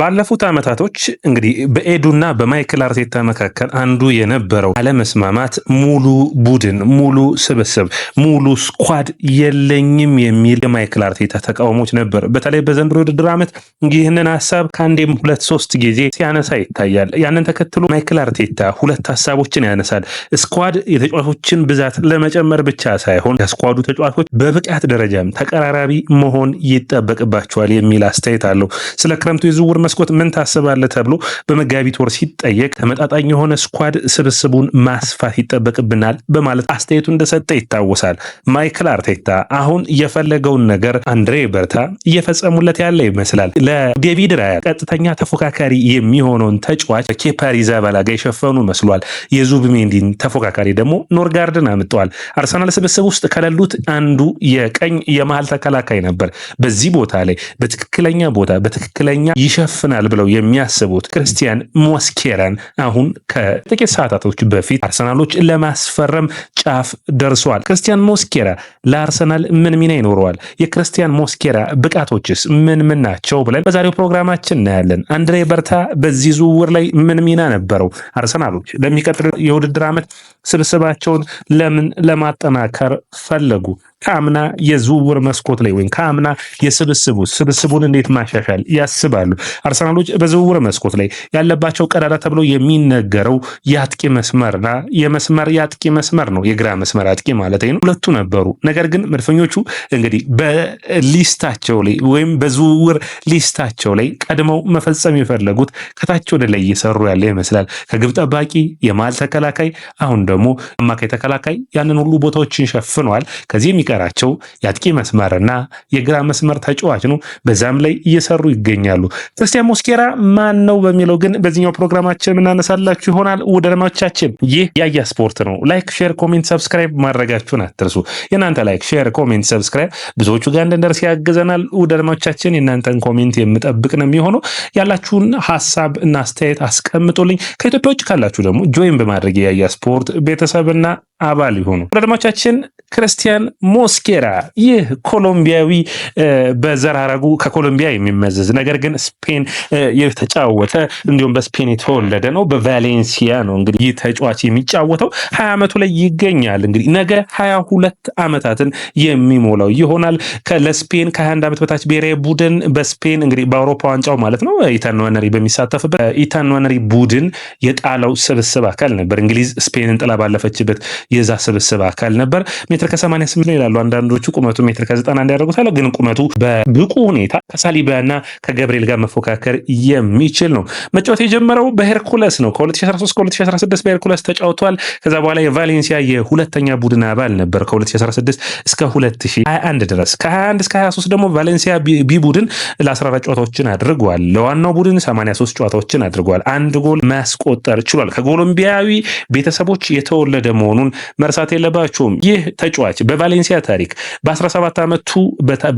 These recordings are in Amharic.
ባለፉት ዓመታቶች እንግዲህ በኤዱና በማይክል አርቴታ መካከል አንዱ የነበረው አለመስማማት ሙሉ ቡድን፣ ሙሉ ስብስብ፣ ሙሉ ስኳድ የለኝም የሚል የማይክል አርቴታ ተቃውሞች ነበር። በተለይ በዘንድሮ ውድድር ዓመት ይህንን ሀሳብ ከአንዴም ሁለት ሶስት ጊዜ ሲያነሳ ይታያል። ያንን ተከትሎ ማይክል አርቴታ ሁለት ሀሳቦችን ያነሳል። ስኳድ የተጫዋቾችን ብዛት ለመጨመር ብቻ ሳይሆን ከስኳዱ ተጫዋቾች በብቃት ደረጃም ተቀራራቢ መሆን ይጠበቅባቸዋል የሚል አስተያየት አለው። ስለ ክረምቱ የዝውውር የዝውውር መስኮት ምን ታስባለህ ተብሎ በመጋቢት ወር ሲጠየቅ ተመጣጣኝ የሆነ ስኳድ ስብስቡን ማስፋት ይጠበቅብናል በማለት አስተያየቱ እንደሰጠ ይታወሳል። ማይክል አርቴታ አሁን የፈለገውን ነገር አንድሬ በርታ እየፈጸሙለት ያለ ይመስላል። ለዴቪድ ራያ ቀጥተኛ ተፎካካሪ የሚሆነውን ተጫዋች ከኬፓ አሪዛባላጋ ጋር የሸፈኑ መስሏል። የዙብሜንዲን ተፎካካሪ ደግሞ ኖርጋርድን አምጠዋል። አርሰናል ስብስብ ውስጥ ከሌሉት አንዱ የቀኝ የመሀል ተከላካይ ነበር። በዚህ ቦታ ላይ በትክክለኛ ቦታ በትክክለኛ ይሸ ይሸፍናል ብለው የሚያስቡት ክርስቲያን ሞስኬራን አሁን ከጥቂት ሰዓታቶች በፊት አርሰናሎች ለማስፈረም ጫፍ ደርሷል። ክርስቲያን ሞስኬራ ለአርሰናል ምን ሚና ይኖረዋል? የክርስቲያን ሞስኬራ ብቃቶችስ ምን ምን ናቸው? ብለን በዛሬው ፕሮግራማችን እናያለን። አንድሬ በርታ በዚህ ዝውውር ላይ ምን ሚና ነበረው? አርሰናሎች ለሚቀጥል የውድድር ዓመት ስብስባቸውን ለምን ለማጠናከር ፈለጉ? ከአምና የዝውውር መስኮት ላይ ወይም ከአምና የስብስቡ ስብስቡን እንዴት ማሻሻል ያስባሉ? አርሰናሎች በዝውውር መስኮት ላይ ያለባቸው ቀዳዳ ተብሎ የሚነገረው የአጥቂ መስመርና የመስመር የአጥቂ መስመር ነው። የግራ መስመር አጥቂ ማለት ነው። ሁለቱ ነበሩ። ነገር ግን መድፈኞቹ እንግዲህ በሊስታቸው ላይ ወይም በዝውውር ሊስታቸው ላይ ቀድመው መፈጸም የፈለጉት ከታች ወደ ላይ እየሰሩ ያለ ይመስላል። ከግብ ጠባቂ፣ የመሃል ተከላካይ፣ አሁን ደግሞ አማካይ ተከላካይ ያንን ሁሉ ቦታዎችን ሸፍነዋል። ከዚህ የሚቀራቸው የአጥቂ መስመርና የግራ መስመር ተጫዋች ነው። በዛም ላይ እየሰሩ ይገኛሉ። ክርስቲያን ሞስኬራ ማን ነው በሚለው ግን በዚህኛው ፕሮግራማችን የምናነሳላችሁ ይሆናል። ውደድማቻችን ይህ ያያ ስፖርት ነው። ላይክ፣ ሼር፣ ኮሜንት ሰብስክራይብ ማድረጋችሁን አትርሱ። የእናንተ ላይክ፣ ሼር፣ ኮሜንት ሰብስክራይብ ብዙዎቹ ጋር እንድንደርስ ያግዘናል። ውደድማቻችን የእናንተን ኮሜንት የምጠብቅ ነው የሚሆነው። ያላችሁን ሀሳብ እና አስተያየት አስቀምጡልኝ። ከኢትዮጵያ ውጭ ካላችሁ ደግሞ ጆይን በማድረግ የያያ ስፖርት ቤተሰብና አባል ይሁኑ። ወዳጆቻችን ክርስቲያን ሞስኬራ ይህ ኮሎምቢያዊ በዘራረጉ ከኮሎምቢያ የሚመዘዝ ነገር ግን ስፔን የተጫወተ እንዲሁም በስፔን የተወለደ ነው። በቫሌንሲያ ነው እንግዲህ ይህ ተጫዋች የሚጫወተው ሀያ ዓመቱ ላይ ይገኛል። እንግዲህ ነገ ሀያ ሁለት ዓመታትን የሚሞላው ይሆናል። ለስፔን ከሀያ አንድ ዓመት በታች ብሔራዊ ቡድን በስፔን እንግዲህ በአውሮፓ ዋንጫው ማለት ነው ኢታን ዋነሪ በሚሳተፍበት ኢታን ዋነሪ ቡድን የጣለው ስብስብ አካል ነበር። እንግሊዝ ስፔንን ጥላ ባለፈችበት የዛ ስብስብ አካል ነበር። ሜትር ከ88 ነው ይላሉ። አንዳንዶቹ ቁመቱ ሜትር ከ91 ያደርጉታል። ግን ቁመቱ በብቁ ሁኔታ ከሳሊባና ከገብርኤል ጋር መፎካከር የሚችል ነው። መጫወት የጀመረው በሄርኩለስ ነው። ከ2013 ከ2016 በሄርኩለስ ተጫውቷል። ከዛ በኋላ የቫሌንሲያ የሁለተኛ ቡድን አባል ነበር ከ2016 እስከ 2021 ድረስ። ከ21 እስከ 23 ደግሞ ቫሌንሲያ ቢ ቡድን ለ14 ጨዋታዎችን አድርጓል። ለዋናው ቡድን 83 ጨዋታዎችን አድርጓል። አንድ ጎል ማስቆጠር ችሏል። ከኮሎምቢያዊ ቤተሰቦች የተወለደ መሆኑን መርሳት የለባቸውም። ይህ ተጫዋች በቫሌንሲያ ታሪክ በ17 ዓመቱ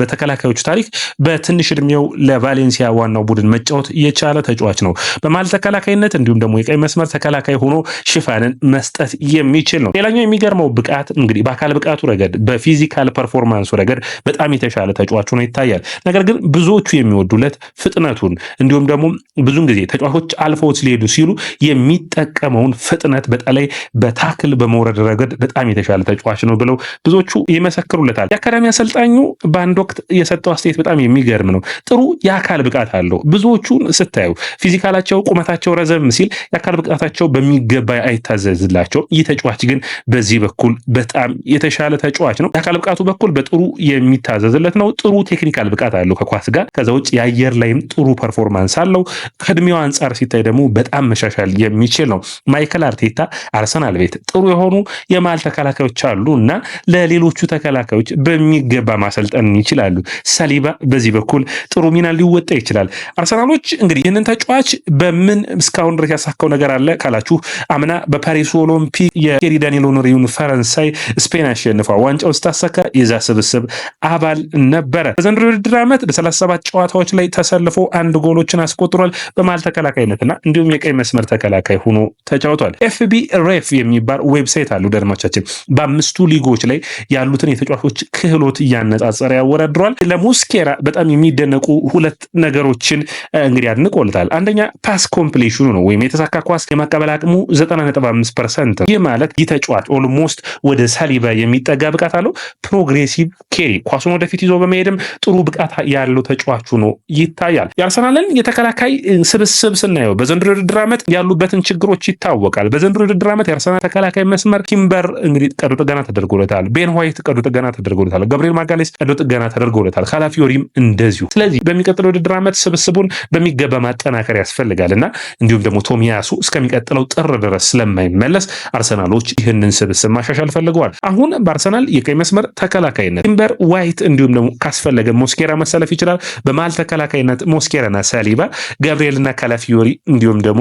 በተከላካዮች ታሪክ በትንሽ እድሜው ለቫሌንሲያ ዋናው ቡድን መጫወት የቻለ ተጫዋች ነው። በመሀል ተከላካይነት እንዲሁም ደግሞ የቀይ መስመር ተከላካይ ሆኖ ሽፋንን መስጠት የሚችል ነው። ሌላኛው የሚገርመው ብቃት እንግዲህ በአካል ብቃቱ ረገድ፣ በፊዚካል ፐርፎርማንሱ ረገድ በጣም የተሻለ ተጫዋች ሆኖ ይታያል። ነገር ግን ብዙዎቹ የሚወዱለት ፍጥነቱን እንዲሁም ደግሞ ብዙን ጊዜ ተጫዋቾች አልፈውት ሊሄዱ ሲሉ የሚጠቀመውን ፍጥነት በተለይ በታክል በመውረድ ረገድ በጣም የተሻለ ተጫዋች ነው ብለው ብዙዎቹ ይመሰክሩለታል። የአካዳሚ አሰልጣኙ በአንድ ወቅት የሰጠው አስተያየት በጣም የሚገርም ነው። ጥሩ የአካል ብቃት አለው። ብዙዎቹን ስታዩ ፊዚካላቸው፣ ቁመታቸው ረዘም ሲል የአካል ብቃታቸው በሚገባ አይታዘዝላቸውም። ይህ ተጫዋች ግን በዚህ በኩል በጣም የተሻለ ተጫዋች ነው። የአካል ብቃቱ በኩል በጥሩ የሚታዘዝለት ነው። ጥሩ ቴክኒካል ብቃት አለው ከኳስ ጋር። ከዛ ውጭ የአየር ላይም ጥሩ ፐርፎርማንስ አለው። ከእድሜው አንጻር ሲታይ ደግሞ በጣም መሻሻል የሚችል ነው። ማይከል አርቴታ አርሰናል ቤት ጥሩ የሆኑ የመሃል ተከላካዮች አሉ እና ለሌሎቹ ተከላካዮች በሚገባ ማሰልጠን ይችላሉ። ሳሊባ በዚህ በኩል ጥሩ ሚና ሊወጣ ይችላል። አርሰናሎች እንግዲህ ይህንን ተጫዋች በምን እስካሁን ድረስ ያሳካው ነገር አለ ካላችሁ አምና በፓሪሱ ኦሎምፒክ የቴሪ ዳኒኤል ሆኖሪውን ፈረንሳይ ስፔን አሸንፏ ዋንጫውን ስታሳካ የዛ ስብስብ አባል ነበረ። በዘንድሮ የውድድር ዓመት በ37 ጨዋታዎች ላይ ተሰልፎ አንድ ጎሎችን አስቆጥሯል። በመሃል ተከላካይነትና እንዲሁም የቀይ መስመር ተከላካይ ሆኖ ተጫውቷል። ኤፍቢ ሬፍ የሚባል ዌብሳይት አሉ ደድማቻችን በአምስቱ ሊጎች ክለቦች ላይ ያሉትን የተጫዋቾች ክህሎት እያነጻጸረ ያወዳድሯል። ለሙስኬራ በጣም የሚደነቁ ሁለት ነገሮችን እንግዲህ አድንቆልታል። አንደኛ ፓስ ኮምፕሌሽኑ ነው ወይም የተሳካ ኳስ የማቀበል አቅሙ 95 ፐርሰንት ነው። ይህ ማለት ይህ ተጫዋች ኦልሞስት ወደ ሳሊባ የሚጠጋ ብቃት አለው። ፕሮግሬሲቭ ኬሪ ኳሱን ወደፊት ይዞ በመሄድም ጥሩ ብቃት ያለው ተጫዋቹ ነው ይታያል። የአርሰናልን የተከላካይ ስብስብ ስናየው በዘንድሮ ውድድር ዓመት ያሉበትን ችግሮች ይታወቃል። በዘንድሮ ውድድር ዓመት የአርሰናል ተከላካይ መስመር ኪምበር እንግዲህ ቀዶ ጥገና ተደርጎለት ተደርጎለታል። ቤን ዋይት ቀዶ ጥገና ተደርጎለታል። ገብርኤል ማጋሌስ ቀዶ ጥገና ተደርጎለታል። ካላፊዮሪም እንደዚሁ። ስለዚህ በሚቀጥለው ውድድር ዓመት ስብስቡን በሚገባ ማጠናከር ያስፈልጋል እና እንዲሁም ደግሞ ቶሚያሱ እስከሚቀጥለው ጥር ድረስ ስለማይመለስ አርሰናሎች ይህንን ስብስብ ማሻሻል ፈልገዋል። አሁን በአርሰናል የቀይ መስመር ተከላካይነት ቲምበር ዋይት እንዲሁም ደግሞ ካስፈለገ ሞስኬራ መሰለፍ ይችላል። በመሀል ተከላካይነት ሞስኬራና ሳሊባ፣ ገብርኤልና ካላፊዮሪ እንዲሁም ደግሞ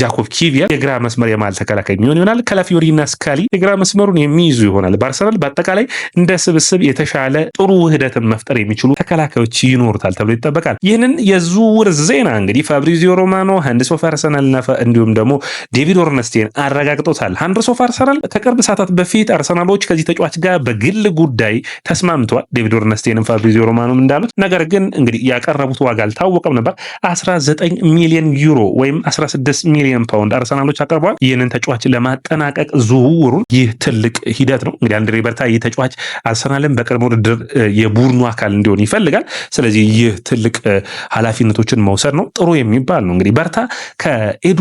ጃኮብ ኪቪያ የግራ መስመር የመሀል ተከላካይ የሚሆን ይሆናል። ካላፊዮሪና ስካሊ የግራ መስመሩን የሚይዙ ይሆናል። በአርሰናል በአጠቃላይ እንደ ስብስብ የተሻለ ጥሩ ውህደትን መፍጠር የሚችሉ ተከላካዮች ይኖሩታል ተብሎ ይጠበቃል። ይህንን የዝውውር ዜና እንግዲህ ፋብሪዚዮ ሮማኖ፣ ሃንድሶፍ አርሰናል እንዲሁም ደግሞ ዴቪድ ኦርነስቴን አረጋግጦታል። ሃንድሶፍ አርሰናል ከቅርብ ሰዓታት በፊት አርሰናሎች ከዚህ ተጫዋች ጋር በግል ጉዳይ ተስማምተዋል። ዴቪድ ኦርነስቴንም ፋብሪዚዮ ሮማኖም እንዳሉት ነገር ግን እንግዲህ ያቀረቡት ዋጋ አልታወቀም ነበር። 19 ሚሊዮን ዩሮ ወይም 16 ሚሊዮን ፓውንድ አርሰናሎች አቅርበዋል። ይህንን ተጫዋች ለማጠናቀቅ ዝውውሩን ይህ ትልቅ ሂደት ጉዳት ነው። እንግዲህ አንድሬ በርታ ይህ ተጫዋች አርሰናልን በቅድመ ውድድር የቡድኑ አካል እንዲሆን ይፈልጋል። ስለዚህ ይህ ትልቅ ኃላፊነቶችን መውሰድ ነው። ጥሩ የሚባል ነው። እንግዲህ በርታ ከኤዱ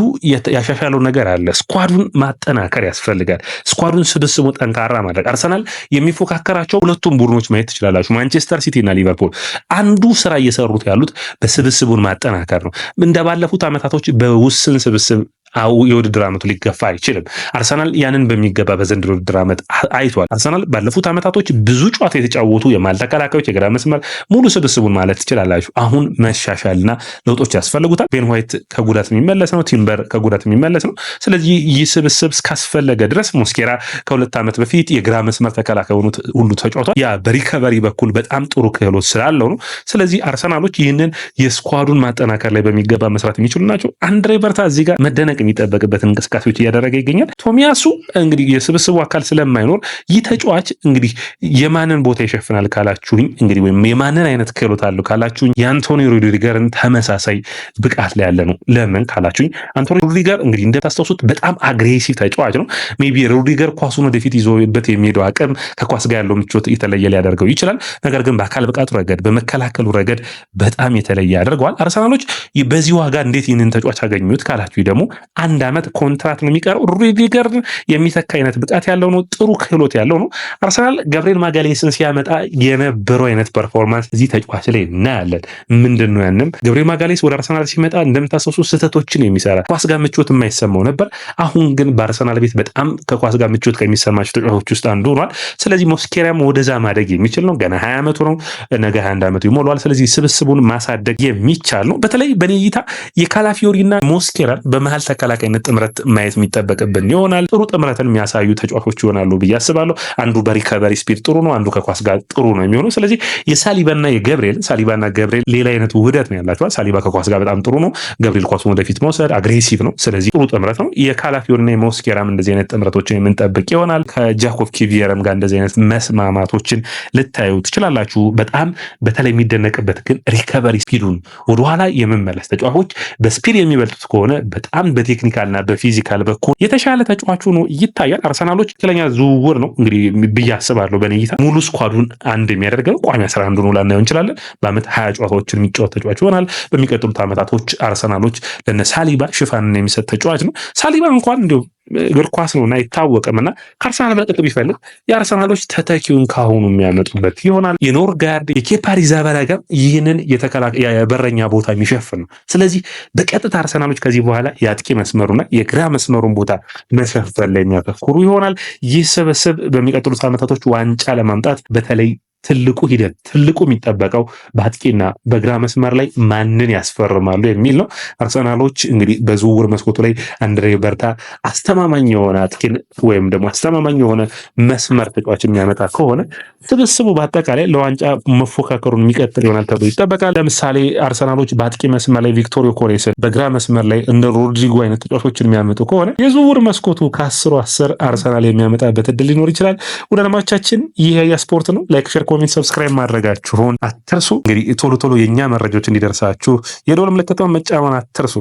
ያሻሻለው ነገር አለ። ስኳዱን ማጠናከር ያስፈልጋል። ስኳዱን ስብስቡ ጠንካራ ማድረግ አርሰናል የሚፎካከራቸው ሁለቱም ቡድኖች ማየት ትችላላችሁ፣ ማንቸስተር ሲቲ እና ሊቨርፑል። አንዱ ስራ እየሰሩት ያሉት በስብስቡን ማጠናከር ነው። ባለፉት ዓመታቶች በውስን ስብስብ የውድድር ዓመቱ ሊገፋ አይችልም። አርሰናል ያንን በሚገባ በዘንድሮ የውድድር ዓመት አይቷል። አርሰናል ባለፉት ዓመታቶች ብዙ ጨዋታ የተጫወቱ የማል ተከላካዮች፣ የግራ መስመር ሙሉ ስብስቡን ማለት ትችላላችሁ። አሁን መሻሻልና ለውጦች ያስፈልጉታል። ቤን ዋይት ከጉዳት የሚመለስ ነው። ቲምበር ከጉዳት የሚመለስ ነው። ስለዚህ ይህ ስብስብ እስካስፈለገ ድረስ ሞስኬራ ከሁለት ዓመት በፊት የግራ መስመር ተከላካይ ሆኑት ሁሉ ተጫውቷል። ያ በሪከቨሪ በኩል በጣም ጥሩ ክህሎት ስላለው ነው። ስለዚህ አርሰናሎች ይህንን የስኳዱን ማጠናከር ላይ በሚገባ መስራት የሚችሉ ናቸው። አንድሬ በርታ እዚህ ጋር መደነቅ የሚጠበቅበት እንቅስቃሴዎች እያደረገ ይገኛል። ቶሚያሱ እንግዲህ የስብስቡ አካል ስለማይኖር ይህ ተጫዋች እንግዲህ የማንን ቦታ ይሸፍናል ካላችሁኝ እንግዲህ ወይም የማንን አይነት ክህሎት አለው ካላችሁኝ የአንቶኒ ሩዲገርን ተመሳሳይ ብቃት ላይ ያለ ነው። ለምን ካላችሁኝ አንቶኒ ሩዲገር እንግዲህ እንደታስታውሱት በጣም አግሬሲቭ ተጫዋች ነው። ሜይ ቢ ሩዲገር ኳሱን ወደፊት ይዞበት የሚሄደው አቅም ከኳስ ጋር ያለው ምቾት የተለየ ሊያደርገው ይችላል። ነገር ግን በአካል ብቃቱ ረገድ በመከላከሉ ረገድ በጣም የተለየ ያደርገዋል። አርሰናሎች በዚህ ዋጋ እንዴት ይህንን ተጫዋች አገኙት ካላችሁ ደግሞ አንድ ዓመት ኮንትራት ነው የሚቀረው። ሩዲገርን የሚተካ አይነት ብቃት ያለው ነው። ጥሩ ክህሎት ያለው ነው። አርሰናል ገብርኤል ማጋሌስን ሲያመጣ የነበረው አይነት ፐርፎርማንስ እዚህ ተጫዋች ላይ እናያለን። ምንድን ነው ያንም ገብርኤል ማጋሌስ ወደ አርሰናል ሲመጣ እንደምታሰሱ ስህተቶችን የሚሰራ ኳስ ጋር ምቾት የማይሰማው ነበር። አሁን ግን በአርሰናል ቤት በጣም ከኳስ ጋር ምቾት ከሚሰማቸው ተጫዋቾች ውስጥ አንዱ ሆኗል። ስለዚህ ሞስኬሪያም ወደዛ ማደግ የሚችል ነው። ገና ሀያ ዓመቱ ነው። ነገ ሀያ አንድ ዓመቱ ይሞላዋል። ስለዚህ ስብስቡን ማሳደግ የሚቻል ነው። በተለይ በኔ እይታ የካላፊዮሪና ሞስኬራን በመሀል ተካ የተከላካይነት ጥምረት ማየት የሚጠበቅብን ይሆናል። ጥሩ ጥምረትን የሚያሳዩ ተጫዋቾች ይሆናሉ ብዬ አስባለሁ። አንዱ በሪከቨሪ ስፒድ ጥሩ ነው፣ አንዱ ከኳስ ጋር ጥሩ ነው የሚሆነው። ስለዚህ የሳሊባና የገብርኤል ሳሊባና ገብርኤል ሌላ አይነት ውህደት ነው ያላቸዋል። ሳሊባ ከኳስ ጋር በጣም ጥሩ ነው። ገብርኤል ኳሱን ወደፊት መውሰድ አግሬሲቭ ነው። ስለዚህ ጥሩ ጥምረት ነው። የካላፊዮርና የሞስኬራም እንደዚህ አይነት ጥምረቶችን የምንጠብቅ ይሆናል። ከጃኮብ ኪቪየረም ጋር እንደዚህ አይነት መስማማቶችን ልታዩ ትችላላችሁ። በጣም በተለይ የሚደነቅበት ግን ሪከቨሪ ስፒዱን ወደኋላ የመመለስ ተጫዋቾች በስፒድ የሚበልጡት ከሆነ በጣም በቴ በቴክኒካልና በፊዚካል በኩል የተሻለ ተጫዋች ሆኖ ይታያል። አርሰናሎች ትክክለኛ ዝውውር ነው እንግዲህ ብዬ አስባለሁ። በእኔ እይታ ሙሉ ስኳዱን አንድ የሚያደርገው ቋሚ አስራ አንዱ ነው ላናየው እንችላለን። በአመት ሀያ ጨዋታዎችን የሚጫወት ተጫዋች ይሆናል። በሚቀጥሉት ዓመታቶች አርሰናሎች ለነ ሳሊባ ሽፋንን የሚሰጥ ተጫዋች ነው። ሳሊባ እንኳን እንዲሁም እግር ኳስ ነውና አይታወቅም እና ከአርሰናል መልቀቅ ቢፈልግ የአርሰናሎች ተተኪውን ካሁኑ የሚያመጡበት ይሆናል። የኖርጋርድ የኬፓ አሪዛባላጋ ይህንን የበረኛ ቦታ የሚሸፍን ነው። ስለዚህ በቀጥታ አርሰናሎች ከዚህ በኋላ የአጥቂ መስመሩና የግራ መስመሩን ቦታ መሸፈን ላይ የሚያተኩሩ ይሆናል። ይህ ስብስብ በሚቀጥሉት ዓመታቶች ዋንጫ ለማምጣት በተለይ ትልቁ ሂደት ትልቁ የሚጠበቀው በአጥቂና በግራ መስመር ላይ ማንን ያስፈርማሉ የሚል ነው። አርሰናሎች እንግዲህ በዝውውር መስኮቱ ላይ አንድሬ በርታ አስተማማኝ የሆነ አጥቂን ወይም ደግሞ አስተማማኝ የሆነ መስመር ተጫዋች የሚያመጣ ከሆነ ስብስቡ በአጠቃላይ ለዋንጫ መፎካከሩን የሚቀጥል ይሆናል ተብሎ ይጠበቃል። ለምሳሌ አርሰናሎች በአጥቂ መስመር ላይ ቪክቶሪዮ ኮሬስን፣ በግራ መስመር ላይ እንደ ሮድሪጎ አይነት ተጫዋቾችን የሚያመጡ ከሆነ የዝውውር መስኮቱ ከአስሩ አስር አርሰናል የሚያመጣበት እድል ሊኖር ይችላል። ውድ አድማጮቻችን ይህ ስፖርት ነው። ላይክ ኮሜንት፣ ሰብስክራይብ ማድረጋችሁን አትርሱ። እንግዲህ ቶሎ ቶሎ የእኛ መረጃዎች እንዲደርሳችሁ የደወል ምልክቱን መጫን አትርሱ።